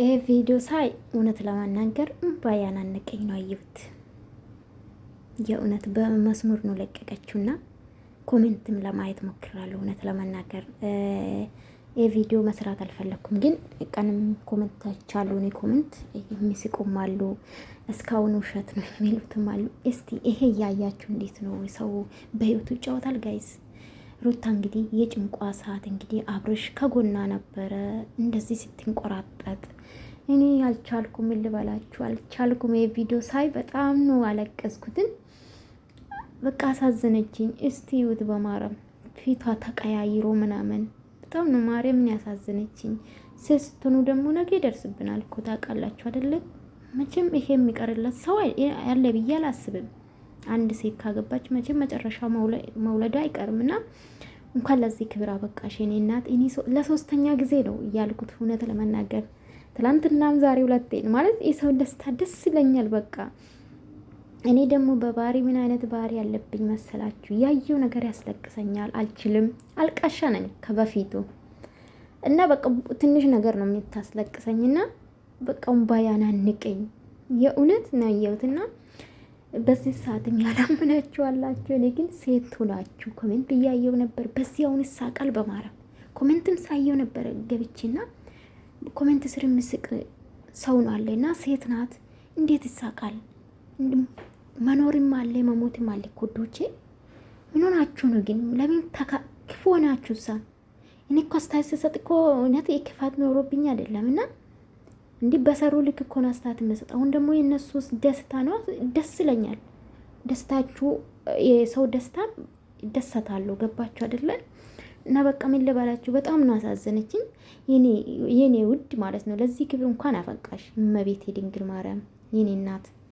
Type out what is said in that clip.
ይሄ ቪዲዮ ሳይ እውነት ለማናገር እምባ ያናነቀኝ ነው አየሁት። የእውነት በመስመር ነው ለቀቀችውና ኮሜንትም ለማየት ሞክራለሁ። እውነት ለመናገር ቪዲዮ መስራት አልፈለግኩም፣ ግን ቀንም ኮመንቶች አሉ። እኔ ኮመንት የሚስቁም አሉ፣ እስካሁን ውሸት ነው የሚሉትም አሉ። እስቲ ይሄ እያያችሁ እንዴት ነው ሰው በህይወቱ ይጫወታል ጋይዝ? ሩታ እንግዲህ የጭንቋ ሰዓት እንግዲህ አብርሽ ከጎኗ ነበረ። እንደዚህ ስትንቆራጠጥ እኔ አልቻልኩም፣ ልበላችሁ አልቻልኩም። የቪዲዮ ሳይ በጣም ነው አለቀስኩትን። በቃ አሳዘነችኝ። እስቲ ይዩት በማረም ፊቷ ተቀያይሮ ምናምን በጣም ነው ማርያምን ያሳዘነችኝ። ሴት ስትሆኑ ደግሞ ነገ ይደርስብናል እኮ ታውቃላችሁ አይደለም? መቼም ይሄ የሚቀርለት ሰው ያለ ብዬ አላስብም። አንድ ሴት ካገባች መቼም መጨረሻ መውለዱ አይቀርም እና እንኳን ለዚህ ክብር አበቃሽ የኔ እናት። እኔ ለሶስተኛ ጊዜ ነው እያልኩት እውነት ለመናገር ትላንትናም ዛሬ ሁለቴን ማለት የሰውን ደስታ ደስ ይለኛል። በቃ እኔ ደግሞ በባህሪ ምን አይነት ባህሪ ያለብኝ መሰላችሁ? ያየው ነገር ያስለቅሰኛል። አልችልም፣ አልቃሻ ነኝ ከበፊቱ እና በቃ ትንሽ ነገር ነው የምታስለቅሰኝና በቃ እምባ ያናንቀኝ የእውነት ነው ያየሁትና በዚህ ሰዓትም ያላምናችሁ አላችሁ። እኔ ግን ሴቱ ናችሁ ኮሜንት እያየው ነበር። በዚህ አሁን ይሳቃል በማረም ኮሜንትም ሳየው ነበር ገብቼና ኮሜንት ስር የምስቅ ሰው ነው አለ እና ሴት ናት እንዴት ይሳቃል? መኖርም አለ መሞትም አለ። ኮዶቼ ምን ሆናችሁ ነው ግን? ለምን ክፉ ሆናችሁ? ሳ እኔ እኮ አስተያየት ስሰጥ እኮ እውነት የክፋት ኖሮብኝ አይደለም እና እንዲህ በሰሩ ልክ እኮ ነው አስተያየት የምሰጥ። አሁን ደግሞ የእነሱ ደስታ ነው ደስ ይለኛል። ደስታችሁ የሰው ደስታ ደሰታለሁ። ገባችሁ አይደለ? እና በቃ ምን ልበላችሁ፣ በጣም ነው አሳዘነችኝ የኔ ውድ ማለት ነው። ለዚህ ክብር እንኳን አፈቃሽ እመቤቴ ድንግል ማርያም የኔ እናት።